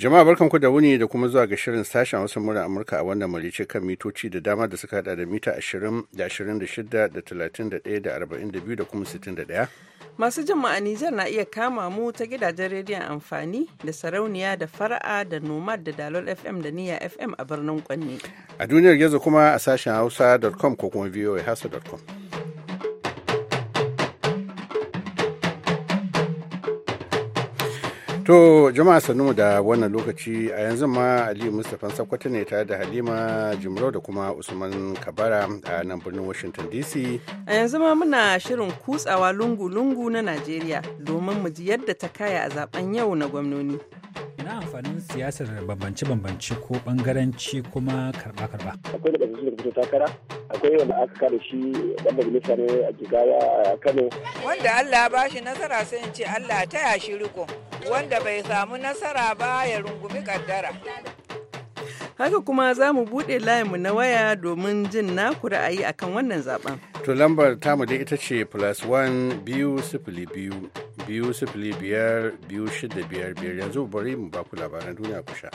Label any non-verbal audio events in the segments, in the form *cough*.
Jama'a barkanku da wuni da kuma zuwa ga shirin sashen wasu murar Amurka a wannan malice kan mitoci da dama da suka hada da mita 20 da 26 da 31 da 42 da kuma 61. Masu jama'a Nijar na iya kama mu ta gidajen rediyon amfani da sarauniya da fara'a da nomad da dalol FM da niya FM a birnin Kwanne. A duniyar gizo kuma a sashen hausa.com ko kuma voahausa.com. To jama'a sannu da wannan lokaci a yanzu ma Aliyu Mustapha Sakwata ne tare da Halima Jimro da kuma Usman Kabara a nan birnin Washington DC. A yanzu ma muna shirin kutsawa lungu-lungu na Najeriya domin mu ji yadda ta kaya a zaben yau na gwamnoni. Ina amfanin siyasar bambance-bambance ko bangaranci kuma karba-karba. Akwai da da fito takara, akwai wanda aka kare shi ɗan majalisa ne a Jigawa a Kano. Wanda Allah ya bashi nasara sai in ce Allah ta yashi riko. wanda bai samu nasara ba ya rungumi kaddara. Haka kuma za mu buɗe layinmu na waya domin jin naku ra'ayi akan wannan zaben. To lambar tamu dai ita ce plus one biyu sifili biyu biyu sifili biyar biyu shida biyar biyar yanzu bari mu baku labaran duniya ku sha.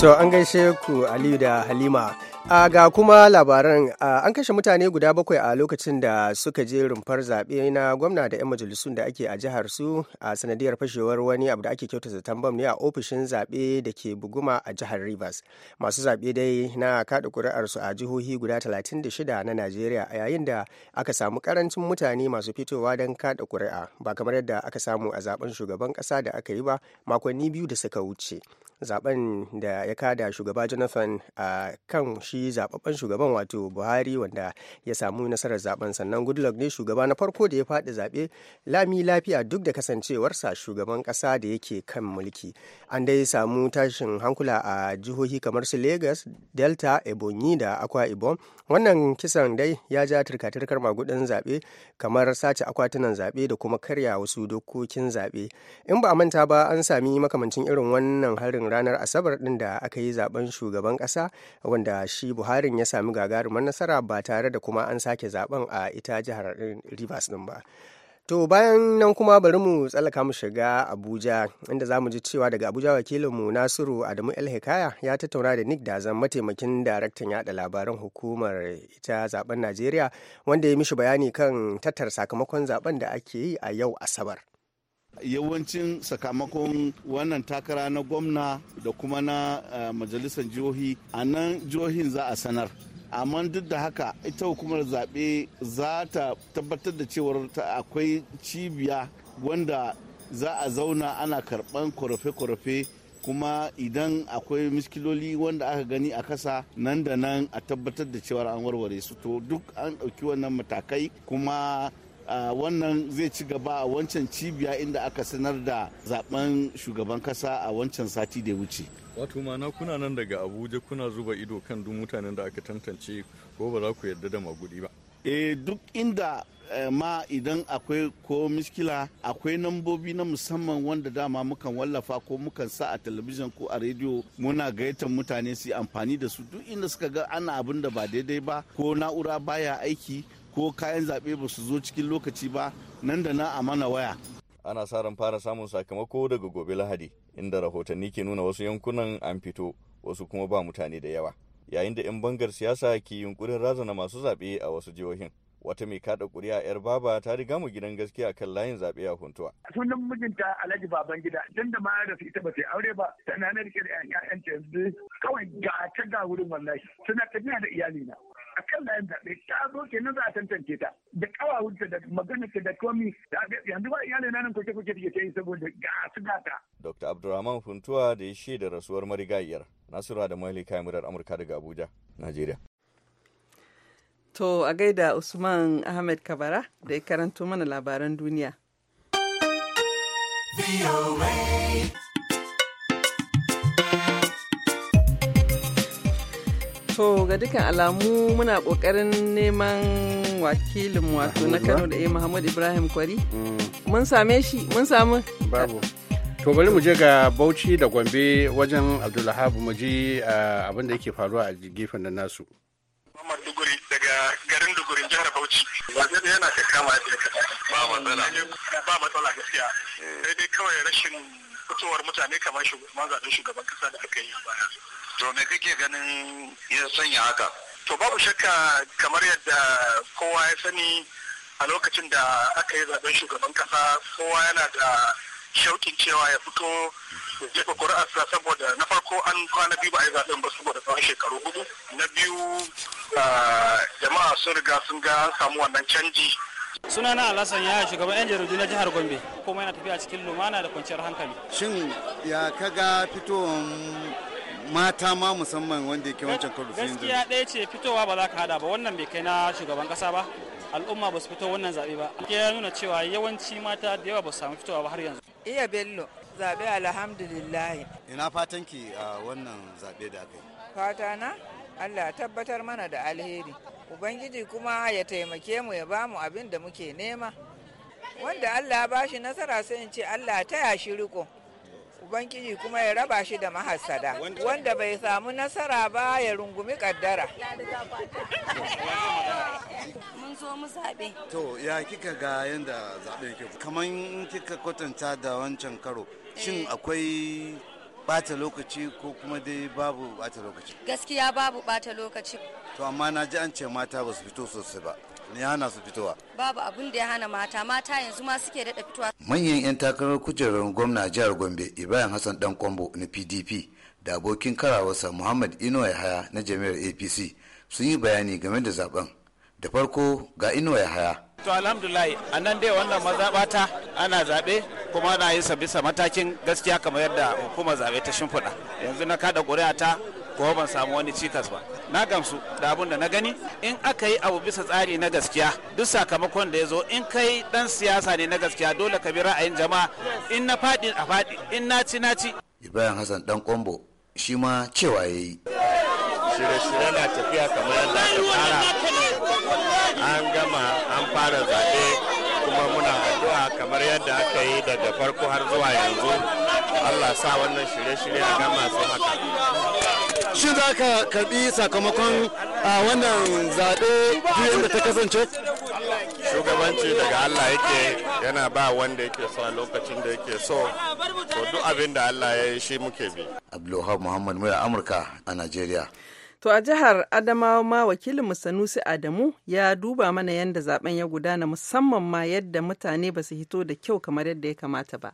To an gaishe ku Aliyu da Halima. A ga kuma labaran an kashe mutane guda bakwai a lokacin da suka je rumfar zaɓe na gwamna da 'yan majalisun da ake a jihar su a sanadiyar fashewar wani abu da ake kyautata tambam ne a ofishin zaɓe da ke buguma a jihar Rivers. Masu zaɓe dai na kaɗa ƙuri'arsu a jihohi guda 36 na Najeriya a yayin da aka samu karancin mutane masu fitowa don kaɗa ƙuri'a ba kamar yadda aka samu a zaben shugaban ƙasa da aka yi ba makonni biyu da suka wuce. zaben da ya kada shugaba jonathan a kan shi zababben shugaban wato buhari wanda ya samu nasarar zaben sannan goodluck ne shugaba na farko da ya faɗi zaɓe lami lafiya duk da kasancewarsa shugaban ƙasa da yake kan mulki an dai samu tashin hankula a jihohi kamar su lagos delta ebonyi da akwa ibom wannan kisan dai ya ja turka-turkar magudin zaɓe kamar sace akwatunan zaɓe da kuma karya wasu dokokin zaɓe in ba a manta ba an sami makamancin irin wannan harin ranar asabar din da aka yi zaben shugaban kasa wanda shi buharin ya sami gagarumar nasara ba tare da kuma an sake zaben a ita jihar rivers din ba To bayan nan kuma bari mu tsallaka mu shiga Abuja inda za mu ji cewa daga Abuja wakilinmu Nasiru Adamu El hekaya ya tattauna da Nick Dazan mataimakin daraktan yada labaran hukumar ita zaben Najeriya wanda ya mishi bayani kan tattar sakamakon zaben da ake yi a yau Asabar. yawancin sakamakon wannan takara na gwamna da kuma na eh, majalisar jihohi a nan jihohin za a sanar amma duk da haka ita hukumar zaɓe za ta tabbatar da cewar akwai cibiya wanda za a zauna ana karɓan korafe kwarafe kuma idan akwai miskiloli wanda aka gani a kasa nan da nan a tabbatar da cewar an warware su to duk an ɗauki wannan matakai kuma wannan zai ci gaba a wancan cibiya inda aka sanar da zaben shugaban kasa a wancan sati da wuce wato mana kuna nan daga abuja kuna zuba ido kan duk mutanen da aka tantance ko ba za ku yarda da magudi ba e duk inda eh, ma idan akwai ko miskila akwai nambobi na musamman wanda dama mukan wallafa ko mukan sa a talabijin ko a rediyo muna gayyatar mutane su amfani da su duk inda suka ga ana abin da ba daidai ba ko na'ura baya aiki ko kayan zaɓe ba su zo cikin lokaci ba nan da na a mana waya ana sa ran fara samun sakamako daga gobe lahadi inda rahotanni ke nuna wasu yankunan an fito wasu kuma ba mutane da yawa yayin da 'yan bangar siyasa ke yunkurin razana masu zaɓe a wasu jihohin wata mai kada kuri'a yar baba ta riga mu gidan gaskiya kan layin zaɓe a huntuwa. sunan mijinta alhaji baban gida tun da ma da su ita ba sai aure ba tana na rike da 'ya'yan yanzu kawai ga ta ga wurin wallahi suna tafiya da iyalina a kan layin zaɓe ta zo ke nan za a tantance ta da ƙawawunta da maganarta da komi yanzu ba iyalai na nan kuke da ke yi saboda ga su gata. Dr. Abdulrahman Funtuwa da ya shaida rasuwar marigayiyar nasiru da Mahali kayan murar Amurka daga Abuja, Najeriya. To a gaida Usman Ahmed Kabara da ya karanto mana labaran duniya. To ga dukkan alamu muna kokarin neman wakilin wato na Kano da A Muhammad Ibrahim Kwari. Mm. Mun same shi, mun samu. Babu. To bari mu je ga Bauchi da Gombe wajen Abdullahabu mu ji eh, abin da yake faruwa a gefen da nasu. Muhammad Duguri daga garin duguri jihar Bauchi. da yana ka kama da ba matsala. Ba matsala gaskiya. Eh. Sai dai kawai rashin fitowar mutane kamar shugaban shugaban kasa da aka yi baya. to me kake ganin ya sanya haka to babu shakka kamar yadda kowa ya sani a lokacin da aka yi zaben shugaban kasa kowa yana da shaukin cewa ya fito ya jefa ƙuri'arsa saboda na farko an kwana biyu ba a yi zaben ba saboda tsawon shekaru hudu na biyu jama'a sun riga sun ga an samu wannan canji sunana alasan ya shugaban yan jaridu na jihar gombe kuma yana tafiya cikin lumana da kwanciyar hankali shin ya kaga fitowar mata ma musamman wanda yake wancan karo gaskiya ɗaya ce fitowa ba za ka hada ba wannan bai kai na shugaban kasa ba al'umma ba su fito wannan zaɓe ba ya nuna cewa yawanci mata da yawa ba su samu fitowa ba har yanzu iya bello zaɓe alhamdulillah ina fatan ki a wannan zaɓe da aka fata na Allah tabbatar mana da alheri ubangiji kuma ya taimake mu ya bamu abin da muke nema wanda Allah ba bashi nasara sai in ce Allah taya shi riko ubangiji kuma ya raba shi da mahasada wanda bai samu nasara ba ya rungumi kaddara mun zo mu zaɓe to ya kika ga yadda zaɓe ke? kamar kika kwatanta da wancan karo shin eh. akwai bata lokaci ko kuma dai babu bata lokaci gaskiya babu bata lokaci to amma na ji an ce mata ba su fito sosai ba me hana su fitowa babu abin da ya hana mata mata yanzu ma suke daɗa fitowa manyan 'yan takarar kujerar gwamna jihar gombe ibrahim hassan dan kwambo na pdp da abokin karawarsa muhammad ino yahaya na jami'ar apc sun yi bayani game da zaben da farko ga Inuwa yahaya to alhamdulahi a nan dai wannan mazaɓata ana zaɓe kuma ana yin sa bisa matakin gaskiya kamar yadda hukumar zaɓe ta shimfiɗa yanzu na kada ƙuri'a ta ko ban samu wani cikas ba na gamsu da abun da na gani in aka yi abu bisa tsari na gaskiya duk sakamakon da ya zo in kai dan siyasa ne na gaskiya dole ka bi ra'ayin jama'a in na faɗi a faɗi in na ci na ci ibrahim hassan dan kombo shi ma cewa ya yi shirye-shirye na tafiya kamar yadda aka fara an gama an fara zaɓe kuma muna addu'a kamar yadda aka yi daga farko har zuwa yanzu allah sa wannan shirye-shirye a gama su haka shi za ka karbi sakamakon a wannan zaɓe juyen da ta kasance shugabanci daga allah yake yana ba wanda yake so a lokacin da yake so to duk abin da allah ya yi shi muke bi abdulhab muhammad mai amurka a najeriya To a jihar Adamawa ma wakilin Sanusi Adamu ya duba mana yadda zaben ya gudana musamman ma yadda mutane ba su hito da kyau kamar yadda ya kamata ba.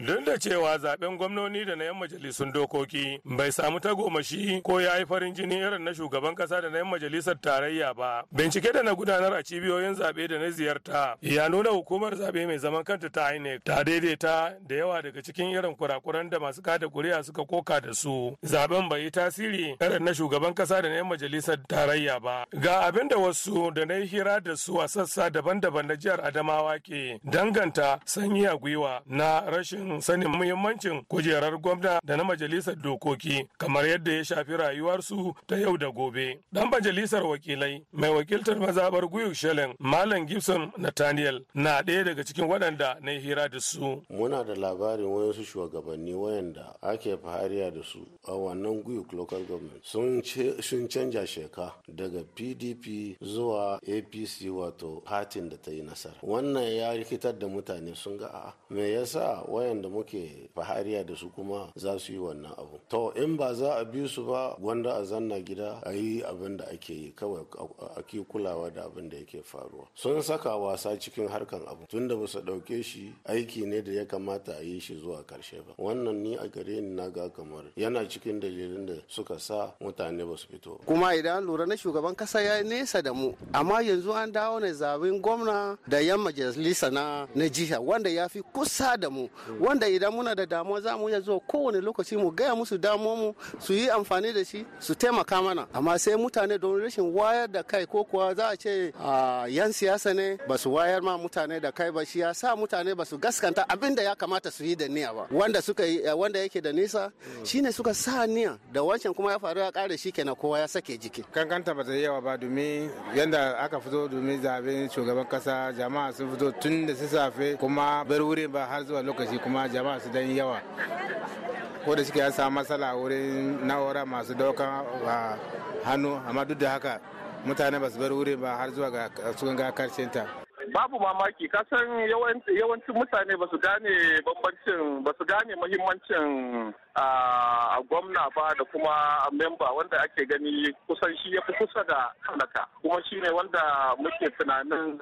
Duk da cewa zaben gwamnoni da na 'yan majalisun dokoki bai samu tagomashi ko ya yi farin jini irin na shugaban kasa da na 'yan majalisar tarayya ba. Bincike da na gudanar a cibiyoyin zaɓe da na ziyarta ya nuna hukumar zaɓe mai zaman kanta ta INEC ta daidaita da yawa daga cikin irin kurakuran da masu kada kuri'a suka koka da su. Zaben bai yi tasiri irin na shugaban kasa da na 'yan majalisar tarayya ba. Ga abin da wasu da na yi hira da su a sassa daban-daban na jihar Adamawa ke danganta sanyi a gwiwa na rashin rashin sanin muhimmancin kujerar gwamna da na majalisar dokoki kamar yadda ya shafi rayuwarsu ta yau da gobe. Dan majalisar wakilai mai wakiltar mazabar Guyuk shelen Malam Gibson Nathaniel na ɗaya daga cikin waɗanda na yi hira da su. Muna da labarin wayansu shugabanni wayanda ake fahariya da su a wannan Guyuk local government sun canja sheka daga PDP zuwa APC wato hatin da ta yi nasara. Wannan ya rikitar da mutane sun ga a'a. Me yasa wayan waɗanda muke fahariya da su kuma za su yi wannan abu to in ba za a bi su ba gwanda a zanna gida a yi abin da ake yi kawai ake kulawa da abin da yake faruwa sun saka wasa cikin harkan abu tunda ba su ɗauke shi aiki ne da ya kamata a yi shi zuwa karshe ba wannan ni a gare ni na ga kamar yana cikin dalilin da suka sa mutane ba su fito kuma idan lura na shugaban kasa ya nesa da mu amma yanzu an dawo ne zaben gwamna da yan majalisa na na jiha wanda ya fi kusa da mu wanda idan muna da damuwa za mu iya zuwa kowane lokaci mu gaya musu mu su yi amfani da shi su taimaka mana amma sai mutane don rashin wayar da kai ko kuwa za a ce ah, yan siyasa ne ba su wayar ma mutane da kai ba shi ya sa mutane ba su gaskanta abin da ya kamata su yi da niyya ba wanda suka eh, wanda yake da nisa hmm. shine suka sa niyya da wancan kuma ya faru ya kare shi kenan kowa ya sake jiki kankanta ba ta yawa ba domin yanda aka fito domin zaben shugaban kasa jama'a sun fito tun da safe kuma bar wurin ba har zuwa lokaci kuma jama'a su dan yawa ko da suke ya matsala wurin na'ura masu a ah, hannu amma duk da haka mutane ba su bar wurin ba har zuwa ga sun ga karshen ta babu mamaki kasan yawancin mutane ba su gane bambancin ba su gane muhimmancin a gwamna ba da kuma a memba wanda ake gani kusan shi ya fi kusa da talaka kuma shi ne wanda muke tunanin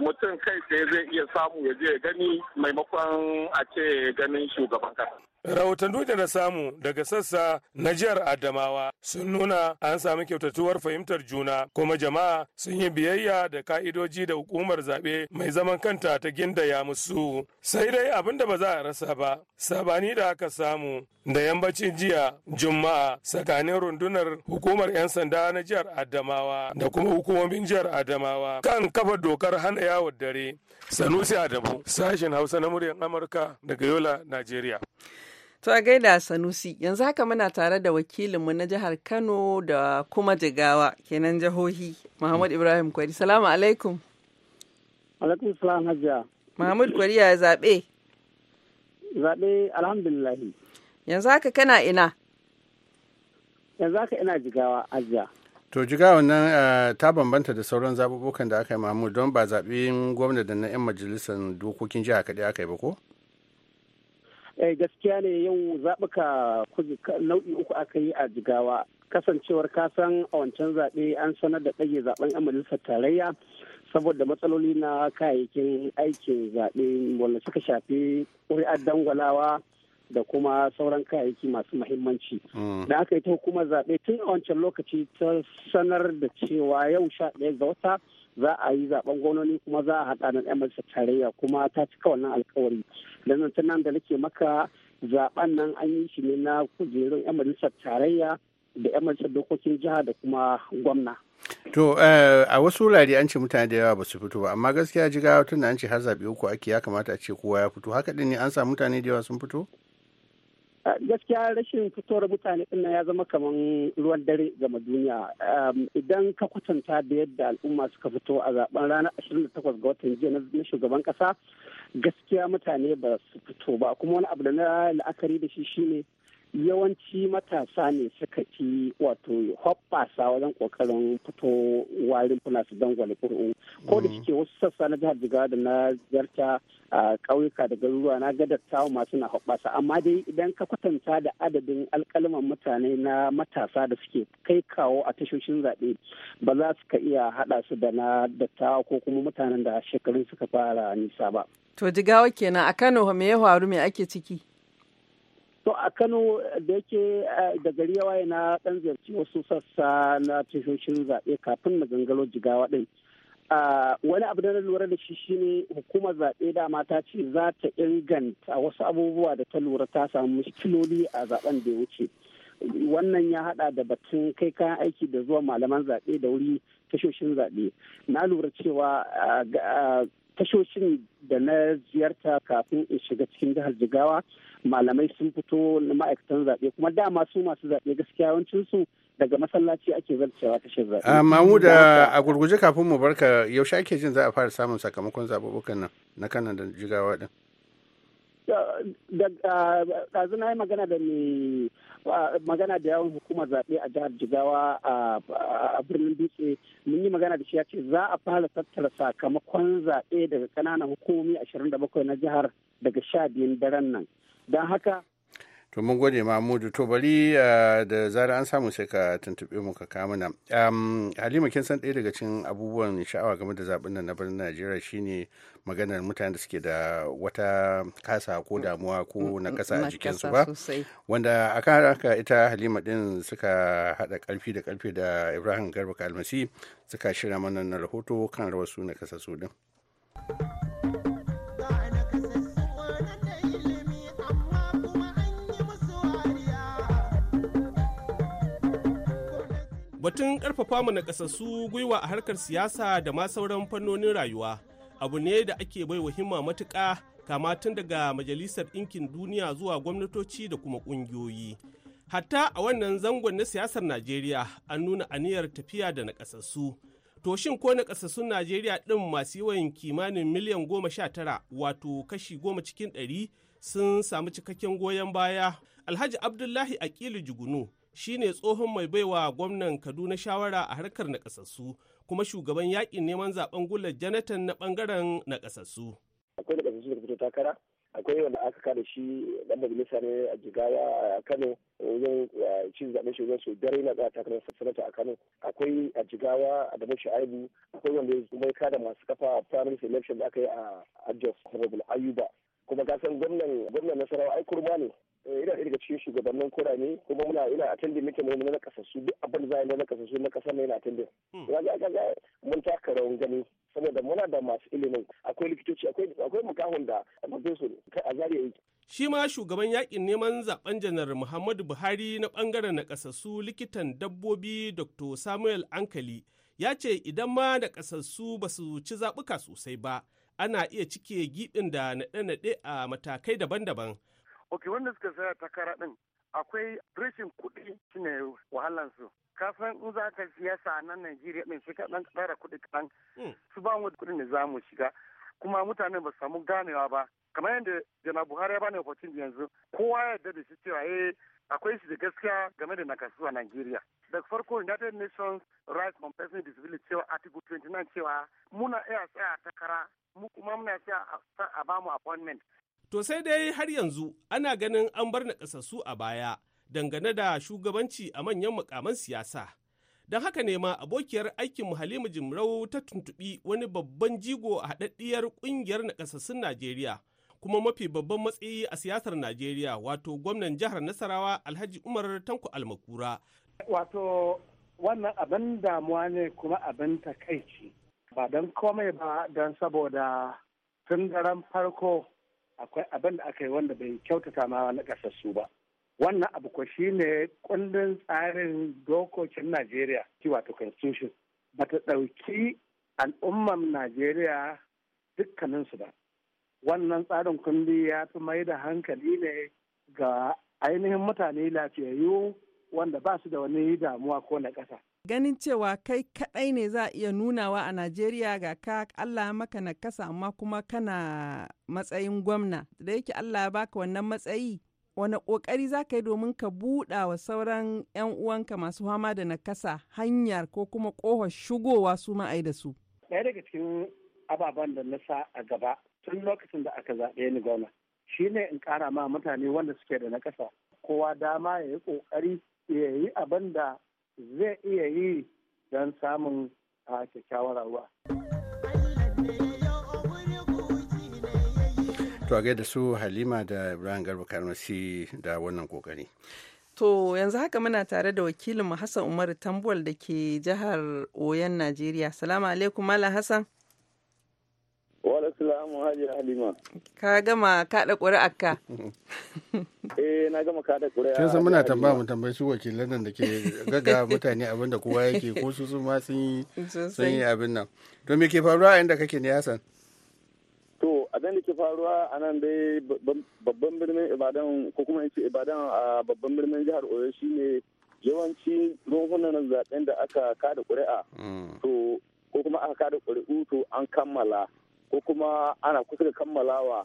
mutum kai sai zai iya samu ya je gani maimakon a ce ganin shugaban kasa. Rahoton da na samu daga sassa na jihar Adamawa sun nuna an sami kyautatuwar fahimtar juna kuma jama'a sun yi biyayya da ka'idoji da hukumar zaɓe mai zaman kanta ta gindaya musu. Sai dai abin da ba za a rasa ba, sabani da aka samu da yambacin jiya Juma'a tsakanin rundunar hukumar 'yan sanda na jihar Adamawa da kuma hukumomin jihar Adamawa kan kafa dokar hana yawon dare. Sanusi Adamu, sashen Hausa na muryar Amurka daga Yola, Najeriya. To a gaida Sanusi, yanzu haka muna tare da wakilinmu na jihar Kano da kuma Jigawa, kenan jihohi, Muhammad Ibrahim Kwari. Salamu alaikum. Alaikum salam hajiya. Muhammad Kwari ya zaɓe? Zaɓe alhamdulillahi. Yanzu haka kana ina? Yanzu haka ina Jigawa hajiya. To jigawa nan eh, ta bambanta da sauran zaɓuɓɓukan da aka yi Mahmud don ba zaɓen gwamna da na 'yan majalisar dokokin jiha kaɗai aka yi ba ko? Eh, gaskiya ne yau zaɓuka nau'i uku aka yi a jigawa kasancewar kasan a wancan zaɓe an sanar da ɗage zaɓen 'yan majalisar tarayya saboda matsaloli na kayayyakin aikin zaɓe wanda suka shafi ƙuri'ar dangwalawa da kuma sauran kayayyaki masu muhimmanci mm. da aka yi ta hukumar zaɓe tun a wancan lokaci ta sanar da cewa yau sha ɗaya ga wata za a yi zaben gwamnoni kuma za a haɗa na 'yan majalisar tarayya kuma ta cika wannan alkawari don nan da nake maka zaben nan an yi shi ne na kujerun 'yan majalisar tarayya da 'yan majalisar dokokin jiha da kuma gwamna. To eh, a wasu wurare an ce mutane da yawa ba su fito ba amma gaskiya jigawa tun da an ce har zaɓe uku ake ya kamata a ce kowa ya fito haka ɗin ne an sa mutane da yawa sun fito? gaskiya rashin fitowar mutane din ya zama kamar ruwan dare gama duniya idan ka kwatanta da yadda al'umma suka fito a zaben ranar 28 ga watan jiya na shugaban kasa gaskiya mutane ba su fito ba kuma wani abu da na la'akari da shi shine yawanci matasa ne suka ci wato hoppasa wajen kokarin fito warin fina su dangwale ƙuri'u ko da mm. suke wasu sassa na jihar jigawa da na jarta a ƙauyuka da garuruwa na gadattawa masu na hoppasa amma dai idan ka kwatanta da adadin alƙalman mutane na matasa da suke kai kawo a tashoshin zaɓe ba za su ka iya haɗa su da na dattawa ko kuma mutanen da shekarun suka fara nisa ba. To jigawa kenan a Kano me ya faru me ake ciki? To a Kano da yake eh, da gari yawa yana na ziyarci wasu sassa na tashoshin zaɓe kafin na gangaro jigawa ɗin. Wani abu da na lura da shi shine hukumar zaɓe da mata ce za ta inganta wasu abubuwa da ta lura ta samu mushkiloli a zaɓen da ya wuce. Wannan ya haɗa da batun kai kayan aiki da zuwa malaman zaɓe da wuri tashoshin zaɓe. Na lura cewa tashoshin da na ziyarta kafin in shiga cikin jihar jigawa malamai sun fito na ma'aikatan zaɓe kuma dama su masu zaɓe gaskiya su daga masallaci ake zarcewa tashar zaɓe. Ah, mamu da a gurguje kafin mu barka yaushe ake jin za a fara samun sakamakon zaɓuɓɓukan nan na kanan da jigawa ɗin. Ah, ɗazu na yi magana da mai magana da yawon hukumar zaɓe a jihar jigawa a birnin dutse mun yi magana da shi ya ce za a fara tattara sakamakon zaɓe daga ƙananan hukumomi 27 na jihar daga sha biyun daren nan don haka to mun gode mahmudu to bari eh, da zara an samu sai ka tuntuɓe mu ka kama nan halima kin san ɗaya daga cikin abubuwan sha'awa game da zaɓen nan na birnin najeriya shine maganar mutanen da suke da wata kasa ko damuwa ko mm, mm, na kasa a mm, jikinsu ba wanda a kan haka ita halima din suka haɗa karfi da ƙarfi da ibrahim garba kalmasi suka shirya mana na rahoto kan rawar su na kasa su din. Batun ƙarfafa mu na kasassu gwiwa a harkar siyasa da ma sauran fannonin rayuwa abu ne da ake baiwa himma matuka kama tun daga Majalisar Ɗinkin Duniya zuwa gwamnatoci da kuma ƙungiyoyi. Hatta a wannan zangon na siyasar Najeriya an nuna aniyar tafiya da naƙasassu. To shin ko naƙasassun Najeriya ɗin masu yawan kimanin miliyan goma sha tara wato kashi goma cikin ɗari sun samu cikakken goyon baya. Alhaji Abdullahi Akilu Jugunu shine tsohon mai baiwa gwamnan Kaduna shawara a harkar nakasassu kuma shugaban yakin neman zaben gular janatan na bangaren nakasassu. Akwai nakasassu da fito takara, akwai wanda aka kada shi dan majalisa ne a Jigawa a Kano wajen eh, cin zaben shugaban su dare na za ta sanata a Kano. Akwai a Jigawa a Dabo Shu'aibu, akwai wanda ya kada masu kafa a primary election da aka yi a Jos Honorable Ayuba. kuma ka san gwamnan gwamnan nasarawa ai kurma ne eh, ina daga cikin shugabannin ne kuma muna ina attending muke mu na kasassu duk abin za na kasassu na kasar ne ina attending hmm. ga ga mun taka rawan gani saboda muna da masu ilimin akwai likitoci akwai akwai mukahun da abin su a zariya yake shi ma shugaban yakin neman zaben janar muhammadu buhari na bangaren na kasassu likitan dabbobi dr samuel ankali ya ce idan ma da kasassu ba su ci zaɓuka sosai ba ana iya cike gidin da naɗe-naɗe a matakai daban-daban. Ok, wanda suka saya takara ɗin akwai rashin kuɗi ne wahalansu. Kafin in za ka sa nan Najeriya ɗin sai ka ɗan kuɗi kaɗan. Hmm. Su ba mu kuɗin da za mu shiga. Kuma mutane ba su samu ganewa ba. Kamar yadda Jana Buhari ya bani opportunity yanzu kowa ya yarda da shi cewa eh akwai shi da gaskiya game da nakasuwa a Najeriya. Daga farko United Nations Rights on with Disability cewa Article 29 cewa muna iya tsaya takara mu kuma muna tsaya a bamu appointment. To sai dai har yanzu ana ganin an bar nakasassu a baya dangane da shugabanci a manyan mukaman siyasa. Don haka ne ma abokiyar aikin Halima Jimrau ta tuntuɓi wani babban jigo a haɗaɗɗiyar ƙungiyar nakasassun Najeriya kuma mafi babban matsayi a siyasar Najeriya wato gwamnan jihar Nasarawa Alhaji Umar Tanko Almakura. Wato wannan abin damuwa ne kuma abin takaici ba don komai ba don saboda tun daren farko akwai abin da aka yi wanda bai kyautata ma na kasassu ba. Wannan abu ko shi ne kundin tsarin dokokin Najeriya, wato constitution, ba ta ɗauki al'ummar Najeriya dukkaninsu ba. wannan tsarin kundi ya fi mai da hankali ne ga ainihin mutane lafiyayyu wanda ba su da wani damuwa ko na ƙasa. Ganin cewa kai kaɗai ne za a iya nunawa a Najeriya ga ka Allah maka na kasa amma kuma kana matsayin gwamna. Da yake Allah ya baka wannan matsayi, wani ƙoƙari za ka yi domin ka buɗa wa sauran 'yan uwanka masu fama da nakasa hanyar ko kuma kohar shigowa su ma'ai da su. Ɗaya daga cikin ababen da na sa a gaba tun lokacin da aka zaɓe ni gwamna ne in ƙara ma mutane wanda suke da na ƙasa kowa dama ya yi ƙoƙari ya yi abin da zai iya yi don samun kyakkyawar rayuwa. To da su Halima da Ibrahim Garba Karmasi da wannan kokari. To yanzu haka muna tare da wakilinmu Hassan Umaru Tambuwal da ke jihar Oyon Najeriya. Salamu alaikum Malam Hassan. Wala salamu Hajji Halima. Ka gama kaɗa ka. *laughs* Eh na gama kaɗa ƙuri'a. Kin san muna tambaya mu tambayi su wakilan nan da ke gaga *laughs* mutane abin da kowa yake ko su ma sun yi sun yi abin nan. To me ke faruwa inda kake ne Hassan? To abin da ke faruwa a nan dai babban birnin Ibadan ko kuma in ce Ibadan a babban birnin jihar Oyo shine yawanci rumfunan zaɓen da aka kada ƙuri'a. Mm. To ko kuma aka kada ƙuri'u to an kammala. ko kuma ana kusa da kammalawa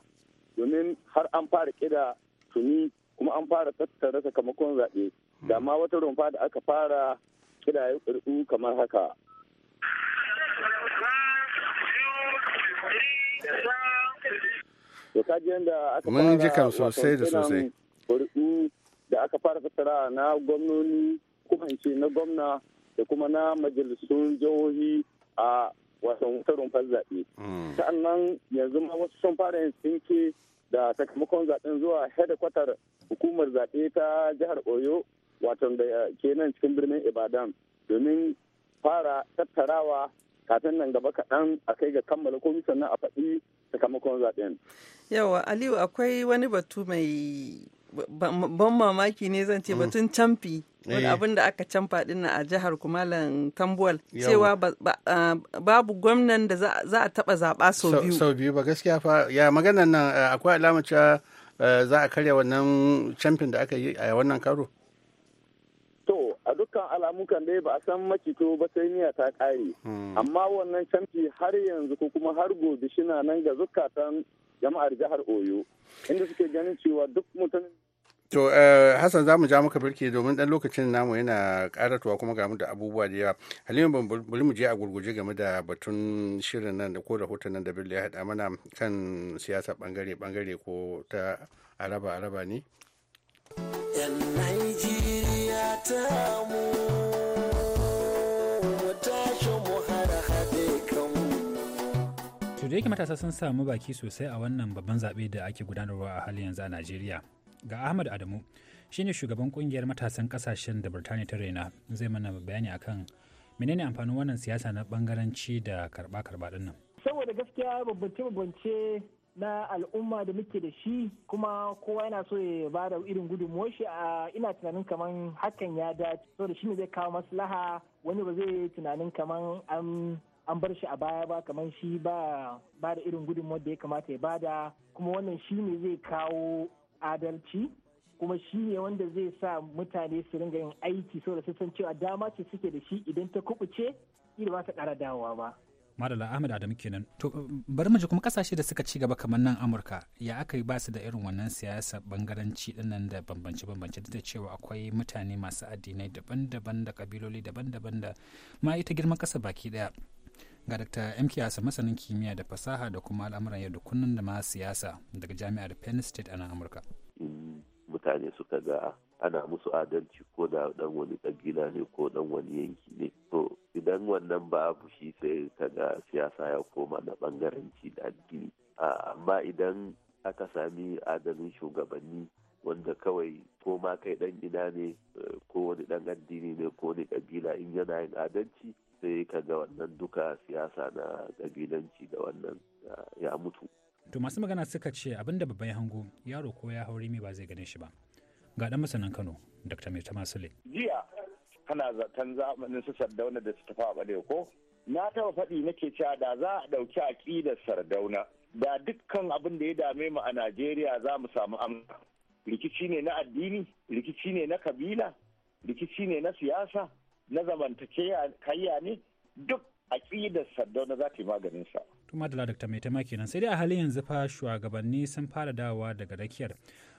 domin har an fara kida tuni kuma an fara tattara sakamakon zaɓe hmm. da ma wata rumfa da aka fara ya ƙirƙu kamar haka. Mun ji kam sosai da sosai. Ƙirƙu da aka fara tattara na gwamnoni kuma in ce na gwamna da kuma na majalisun jihohi a wasan wuta rumfar zaɓe. Mm. Sa'annan yanzu ma wasu sun fara yin sinke da sakamakon zaɓen zuwa hedikwatar hukumar zaɓe ta jihar Oyo wato da eh, ke nan cikin birnin Ibadan domin fara tattarawa kafin nan gaba kaɗan a kai ga kammala komi sannan a faɗi sakamakon zaɓen. Yawa Aliyu akwai wani batu mai ban mamaki ne zan ce batun mm. canfi wani eh. abin da aka camfa din a jihar kumalan tambuwal cewa babu gwamnan da za a taba zaba sau biyu sau biyu ba gaskiya fa ya maganan nan eh, akwai alama cewa eh, za a karya wannan camfin da aka yi a wannan karo to a dukkan alamukan dai ba a san makito ba sai niyya ta kare hmm. amma wannan camfi har yanzu ko kuma har gobe shina nan ga zukatan jama'ar jihar oyo inda suke ganin cewa duk mutumin To eh, Hassan za mu ja maka birki domin ɗan lokacin namu yana ƙaratuwa kuma ga mu da abubuwa da yawa. Halima bari mu je a gurguje game da batun shirin nan da ko rahoton nan da Bello ya haɗa mana kan siyasa ɓangare-ɓangare ko ta araba-araba ne. Yan yake matasa sun samu baki sosai a wannan babban zaɓe da ake gudanarwa a halin yanzu a Najeriya ga ahmad adamu shi ne shugaban kungiyar matasan kasashen da birtaniya ta raina zai mana bayani akan menene amfanin wannan siyasa na bangaranci da karba karba din nan saboda gaskiya babbance babbance na al'umma da muke da shi kuma kowa yana so ya ba da irin gudunmuwar shi a ina tunanin kaman hakan ya dace saboda shi ne zai kawo maslaha wani ba zai tunanin kaman an an bar shi a baya ba kamar shi ba ba da irin gudunmuwar da ya kamata ya bada kuma wannan shi ne zai kawo adalci kuma shi ne wanda zai sa mutane su ringa yin aiki saboda su san cewa dama ce suke da shi idan ta kubuce ila ba ta ƙara dawowa ba. Madala Ahmed Adam kenan. To bari mu ji kuma kasashe da suka ci gaba kamar nan Amurka ya aka yi ba su da irin wannan siyasa bangaranci dinnan da bambance bambance da cewa akwai mutane masu addinai daban-daban da kabiloli daban-daban da ma ita girman kasa baki daya. ga dr mk asa masanin kimiyya da fasaha da kuma al'amuran yau da da ma siyasa daga jami'ar penn state a nan amurka mutane suka ga ana musu adalci ko da dan wani kabila ne ko dan wani yanki ne to idan wannan babu shi sai ka ga siyasa ya koma na bangaranci da addini amma idan aka sami adalin shugabanni wanda kawai ko ma kai dan gida ne eh, ko wani dan addini ne ko wani kabila in yana yin adalci sai ka ga wannan duka siyasa na ƙabilanci da wannan ya mutu. To masu magana suka ce abinda babban ya hango yaro ko ya haure mi ba zai gane shi ba. Ga ɗan masanan Kano, Dr. Mai Tamasule. Jiya kana zaton zamanin su Sardauna da su tafa a ko? Na taɓa faɗi nake cewa da za a ɗauki aƙidar Sardauna. Da dukkan abin da ya dame mu a Najeriya za mu samu amsa. Rikici ne na addini, rikici ne na kabila, rikici ne na siyasa, na zamantake kayya ne duk a aƙidar sardauna za ta yi maganinsa. Tuma da Dr. Mai Tema kenan sai dai a halin yanzu fa shugabanni sun fara dawowa daga rakiyar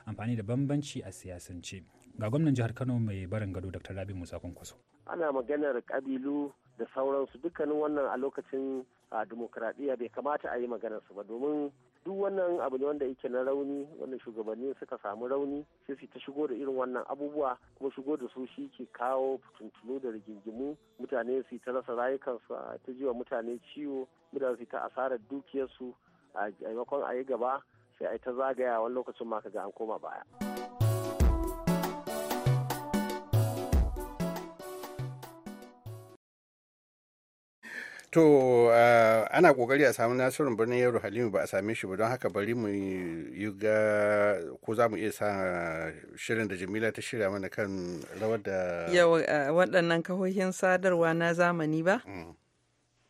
amfani da bambanci a siyasance. Ga gwamnan jihar Kano mai barin gado Dr. Rabi Musa Kwankwaso. Ana maganar kabilu da sauransu dukkanin wannan a lokacin a dimokuraɗiyya bai kamata a yi maganarsu ba domin duk wannan abu ne wanda yake na rauni wanda shugabanni suka samu rauni sai su ta shigo da irin wannan abubuwa kuma shigo da su shi ke kawo fitintunu da rigingimu mutane su ta rasa rayukansu ta jiwa mutane ciwo mutane su ta asarar dukiyarsu a maimakon a yi gaba sai a yi ta zagaya wani lokacin ma ka ga an koma baya. to ana kokari a samu nasirin birnin yaro halimu ba a same shi ba don haka bari mu yi ga ko za mu iya sa shirin da jamila ta shirya mana kan rawar da yawa waɗannan kahohin sadarwa na zamani ba mm.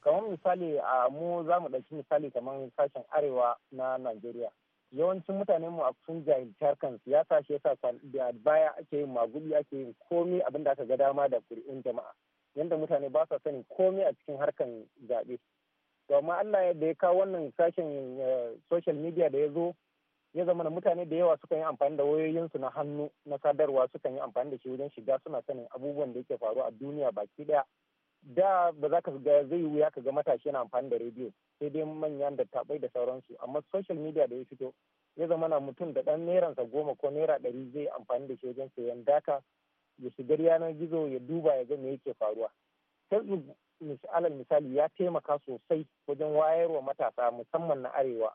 kamar misali a mu za mu ɗauki misali kamar sashen arewa na nigeria yawancin mutanen mu a sun jahilci harkan siyasa shi yasa da baya ake yin magudi ake yin komi abin da aka ga dama da kuri'un jama'a yadda mutane ba sa sani komai a cikin harkan zaɓe to amma Allah da ya kawo wannan sashen eh, social media da ya zo ya zama da mutane da yawa sukan yi amfani da wayoyinsu na hannu na sadarwa sukan yi amfani da shi wajen shiga suna sanin abubuwan da yake faru a duniya baki daya da ba za ka ga zai wuya ka ga matashi yana amfani da rediyo sai dai manyan da tabai da sauransu amma social media da ya fito ya zama na mutum da ɗan neransa goma ko naira ɗari zai amfani da shi wajen sayan data ya shiga yanar gizo ya duba ya ga me yake faruwa facebook alal misali ya taimaka sosai wajen wayarwa matasa musamman na arewa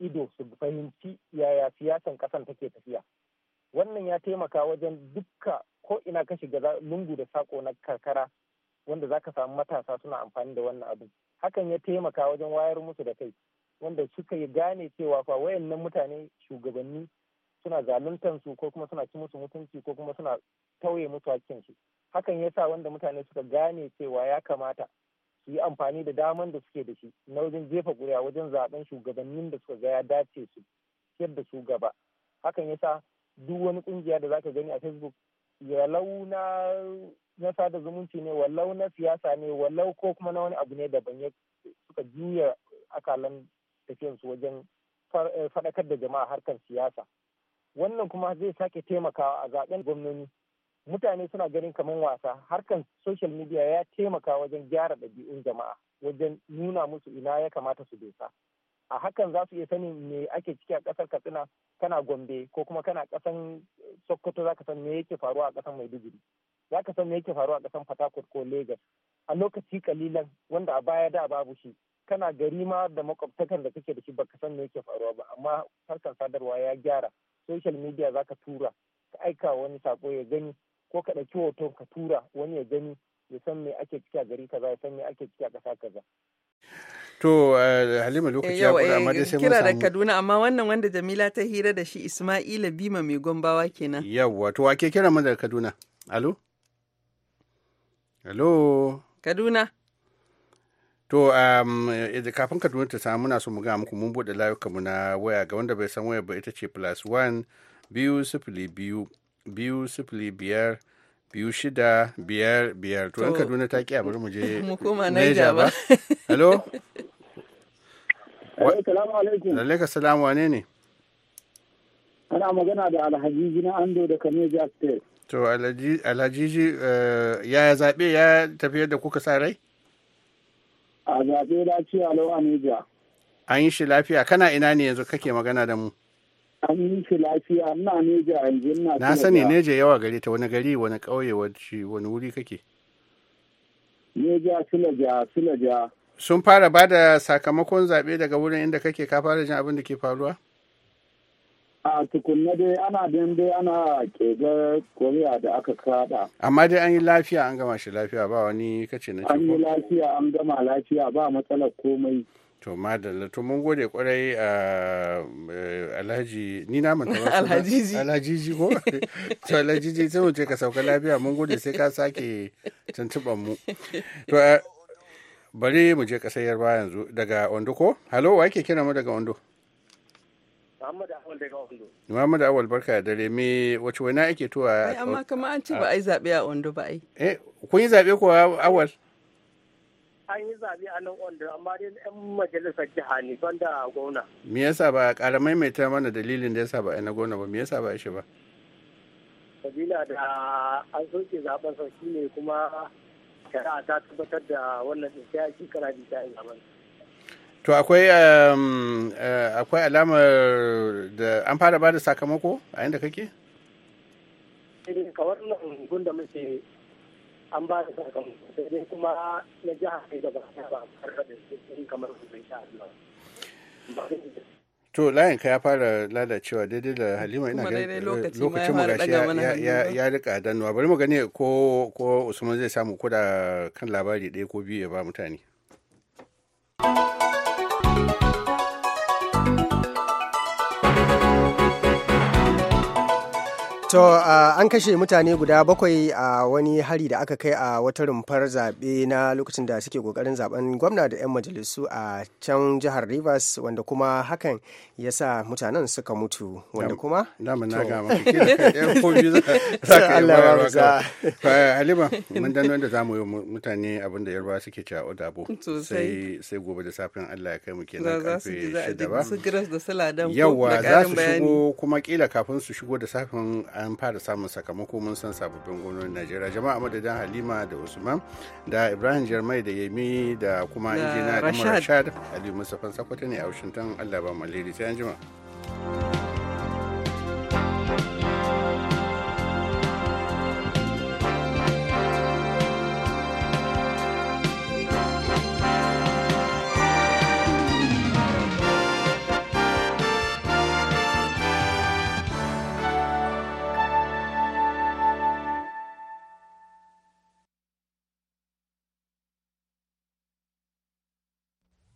ido su fahimci yaya siyasan kasan take tafiya wannan ya taimaka wajen dukka ko ina ka shiga lungu da sako na karkara wanda zaka samu matasa suna amfani da wannan abin hakan ya taimaka wajen wayar musu da kai wanda suka yi gane cewa fa wayannan mutane shugabanni suna zaluntar su ko kuma suna ci musu mutunci ko kuma suna tauye musu hakkinsu hakan ya sa wanda mutane suka gane cewa ya kamata su yi amfani da daman da suke da shi na wajen jefa ƙuri'a wajen zaben shugabannin da suka gaya dace su ciyar da su gaba hakan ya sa duk wani ƙungiya da zaka gani a facebook walau na na sada zumunci ne walau na siyasa ne walau ko kuma na wani abu ne daban ya suka juya akalan tafiyansu wajen eh, faɗakar da jama'a harkar siyasa wannan kuma zai sake taimakawa a zaben gwamnoni mutane suna ganin kamar wasa harkan social media ya taimaka wajen gyara ɗabi'un jama'a wajen nuna musu ina ya kamata su dosa a hakan za su iya sanin me ake ciki a ƙasar katsina kana gombe ko kuma kana ƙasan sokoto za ka san me yake faruwa a ƙasan maiduguri za ka san me yake faruwa a ƙasan fatakot ko lagos a lokaci kalilan wanda a baya da babu shi kana gari ma da makwabtakan da kake da shi baka san me yake faruwa ba amma harkan sadarwa ya gyara social media za ka tura ka aika wani sako ya gani ko ka ɗauki hoton ka tura wani ya gani ya san me ake ciki a gari kaza ya san me ake ciki a ƙasa kaza. To eh, Halima lokaci ya kula amma eh, dai sai mun kira da Kaduna amma wannan wanda Jamila ta hira da shi Ismaila Bima mai gombawa kenan. Yawwa to wake kira mun daga Kaduna. Alo? Alo? Kaduna. To um, eh, kafin Kaduna ta samu muna so mu ga muku mun buɗe layukanmu na waya ga wanda bai san waya ba ita ce plus one biyu sifili biyu biyu sifili biyar biyu shida biyar biyar to in kaduna ta ki a bari mu je *laughs* koma naija ba *laughs* hello assalamu alaikum alaikum salamu wane ne ana magana da alhajiji na ando da kameja state to alhajiji eh, ya zabe, ya tafi yadda kuka sa rai a zabe zaɓe lafiya lawa neja an yi shi lafiya kana ina ne yanzu kake magana da mu an yi shi lafiya ina neja yanzu na na sani neja yawa gare ta wani gari wani ƙauye wani wuri kake neja silaja silaja sun fara ba da sakamakon zaɓe daga wurin inda kake ka fara jin abin da ke faruwa a tukunna dai ana dai ana ƙegar koriya da aka kada amma dai an yi lafiya an gama shi lafiya ba wani kace na an yi lafiya an gama lafiya ba matsalar komai to madalla to mun gode kwarai a ah, eh, alhaji ni na manta alhajiji alhajiji ko *laughs* to alhajiji sai wuce ce ka sauka lafiya mun gode sai ka sake tantuban mu to eh, bari mu je kasar yarba yanzu daga ondo ko halo wa ke kira mu daga ondo Muhammadu Awal daga Ondo. Awal barka da dare me wace wani ake tuwa? Ai amma kamar an ci ba ai zaɓe a Ondo ba ai. Eh kun yi zaɓe ko Awal? an yi zaɓe a nan wanda amma dai yan majalisar jiha ne da gona. me yasa ba a ƙara maimaita mana dalilin da yasa ba a na gona ba me yasa ba a shi ba. sabila da an soke zaben sau ne kuma shari'a ta tabbatar da wannan tsinkiya shi kara bi ta zaben. to akwai um, eh, akwai alamar da an fara ba da sakamako a inda kake? Eh, Kawar nan gunda muke an ba da sakamako sai dai kuma na jiha kai gaba ta ba a da su kamar su sha to layin ka ya fara lalacewa daidai da halima ina ga lokacin mu gashi ya rika danuwa bari mu gani ko ko usman zai samu koda kan labari ɗaya ko biyu ya ba mutane To uh, an kashe mutane guda bakwai a uh, wani hari da aka kai a uh, wata rumfar zaɓe na lokacin da suke ƙoƙarin zaben gwamna da 'yan majalisu a uh, can jihar Rivers wanda kuma hakan ya sa mutanen suka mutu wanda kuma? Dama na ga maka za ka *laughs* yi bayarwa eh, Halima, mun dan wanda za yi mutane abin da yarba suke ci a Odabo. Sai sai gobe da safin Allah ya kai mu kenan karfe shida ba. Yawwa za su shigo kuma kila kafin su shigo da safin an fara samun sakamako mun san sababbin gwamnonin najeriya jama'a madadin halima da usman da ibrahim jarmai da yemi da kuma injina da rashad ali Mustafa sakwata ne a washington allah ba mu alheri sai an jima.